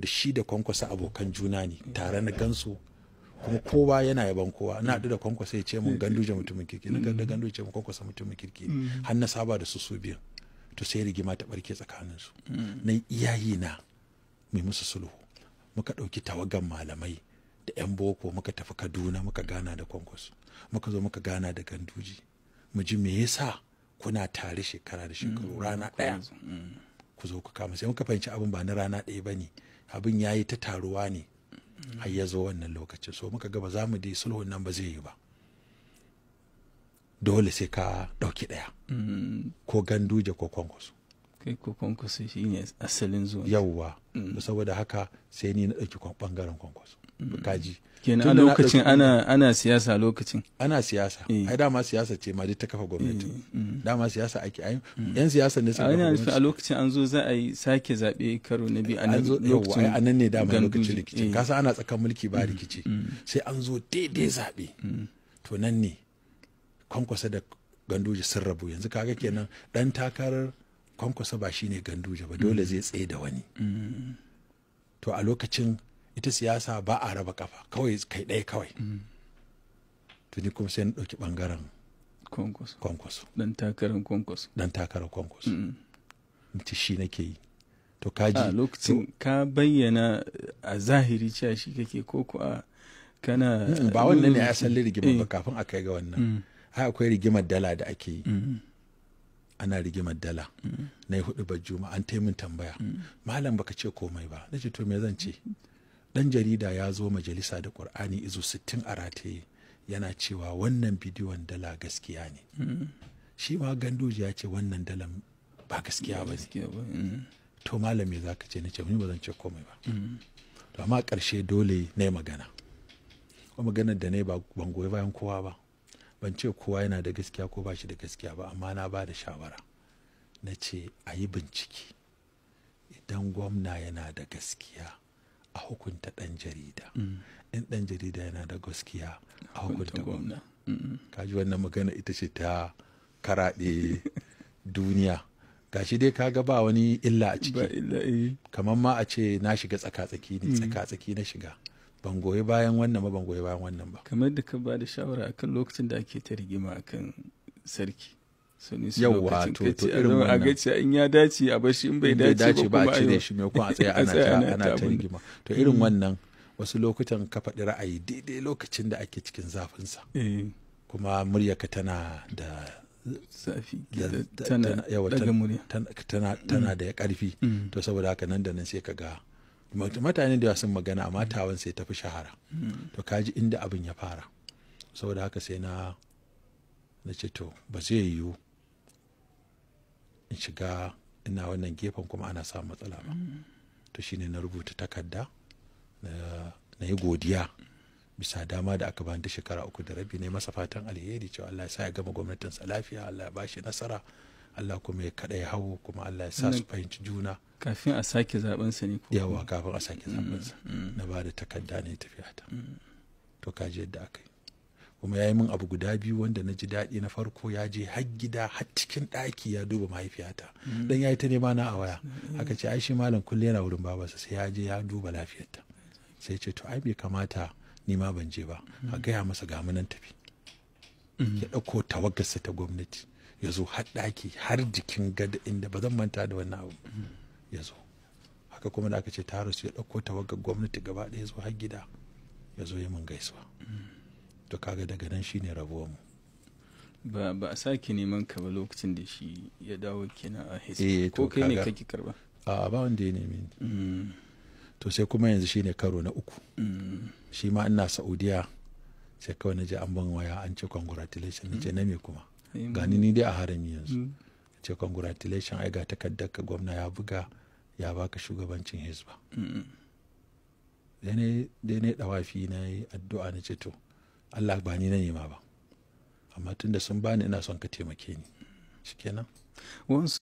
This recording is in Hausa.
da shi da kwankwasa abokan juna ne tare na gansu kuma kowa yana yaban kowa na haɗu da kwankwasa ya ce mun ganduje mutumin kirki na ganda ganduje ce mun kwankwasa mutumin kirki har na saba da su su biyu to sai rigima ta barke tsakanin su na iyayi na mai musu sulhu muka ɗauki tawagan malamai da 'yan boko muka tafi kaduna muka gana da kwankwasu. muka zo muka gana da ganduji mu ji me yasa kuna tare shekara da shekaru rana ɗaya mm. ku zo ku kama sai muka fahimci abin ba na rana ɗaya ba ne abin ya yi ta taruwa ne har ya zo wannan lokacin so muka gaba za mu dai sulhun nan ba zai yi ba dole sai ka ɗauki ɗaya mm. ko ganduje ko kwankwaso kai ko kwankwaso ne asalin zuwa yawwa mm. saboda haka sai ni na ɗauki ɓangaren kwankwaso mm. kaji kenan a lokacin ana siyasa lokacin ana siyasa ai dama siyasa ce ma ta kafa gwamnati eh, mm. dama siyasa ake ayi yan siyasa ne suka gwamnati a lokacin an zo za a yi sake zabe karo na biyu a nan lokacin a nan ne dama lokacin rikici eh. kasa ana tsakan mulki ba rikici sai an zo daidai zabe to nan ne kwankwasa da gandoji sun rabu yanzu kaga kenan dan takarar kwankwasa ba shine ganduje ba dole zai tsaye da wani to a lokacin ita siyasa ba a raba kafa kawai kai ɗaya kawai tuni kuma sai na ɗauki ɓangaren kwankwaso dan takarar kwankwaso dan takarar kwankwaso mutu shi nake yi to kaji a lokacin ka bayyana a zahiri cewa shi kake ko ko a kana ba wannan ne asalin rigima ba eh. kafin a kai ga wannan mm. ai akwai rigimar dala da ake yi ana rigimar dala na yi hudu juma an taimun tambaya malam baka ce komai ba na to me zan ce dan jarida ya zo majalisa da qur'ani izu sittin a rataye yana cewa wannan bidiyon dala gaskiya ne shi ma gandoji ya ce wannan dala ba gaskiya ba ne eh. to malam me za ka ce na ce ni ba zan ce komai ba to amma ƙarshe dole na magana magana da ne ba ban goyi bayan kowa ba ban ce kowa yana da gaskiya ko ba shi da gaskiya ba amma na ba da shawara na ce a yi bincike idan gwamna yana da gaskiya a hukunta ɗan jarida mm. in ɗan jarida yana da gaskiya a hukunta gwamna kaji wannan magana ita ce ta karaɗe duniya gashi dai kaga ba wani illa a ciki eh. kamar ma a ce na shiga tsaka-tsaki ne mm. tsaka-tsaki na shiga ban goyi bayan wannan ba ban goyi bayan wannan ba kamar da ka ba da shawara akan lokacin da ake ta rigima akan sarki yauwa to to irin wannan a gaci in ya dace a bashi in bai dace ba a cire shi mai kun a tsaya ana ta ana ta rigima to irin mm. wannan wasu lokutan ka faɗi ra'ayi daidai lokacin da ake cikin zafin sa eh. kuma muryarka tana da zafi tana da tana tana mm. da karfi. Mm. to saboda haka nan da nan sai ka ga mutane da sun magana amma tawan sai tafi shahara hmm. to kaji inda abin ya fara saboda haka sai na na ce to ba zai yiwu in shiga ina wannan gefen kuma ana samun matsala ba hmm. to shine na rubuta takarda na yi godiya bisa dama da aka bani da shekara uku da rabi ne masa fatan alheri cewa Allah ya sa ya gama gwamnatinsa lafiya Allah ya bashi nasara Allah kuma ya kada ya hawo kuma Allah ya sa su fahimci juna kafin a sake zabensa ne yawa kafin a sake zabensa mm, mm. na ba da takarda ne tafiya ta mm. to kaji yadda aka yi kuma ya yi min abu guda biyu wanda na ji daɗi na farko ya je har gida har cikin ɗaki ya duba mahaifiyata dan ya yi ta nema na a waya aka ce ai shi malam kulle yana wurin babarsa sai ya je ya duba lafiyarta sai ce to ai bai kamata ni ma ban je ba a gaya masa ga nan tafi ya ɗauko tawagarsa ta gwamnati ya zo har ɗaki har jikin gada inda ba zan manta da wannan abu ya zo haka kuma da aka ce ta rasu ya ɗauko tawaga gwamnati gaba ɗaya zo har gida ya zo yi mun gaisuwa to kaga daga nan shine rabuwar mu ba ba a sake neman ka ba lokacin da shi ya dawo kina a hizbi eh, ko kai ne kake karba a ba wanda ya neme ni mm. to sai kuma yanzu shine karo na uku mm. shi ma ina saudiya sai kawai na je an ban waya an ce congratulation na ce mm. na me kuma gani ni dai a harami yanzu ce congratulation ai ga takardar ka gwamna ya buga ya baka shugabancin hizba dai ne dawafi na yi addu'a na ce to allah ba ni na nema ba amma tunda sun bani ina son ka taimake ni shikenan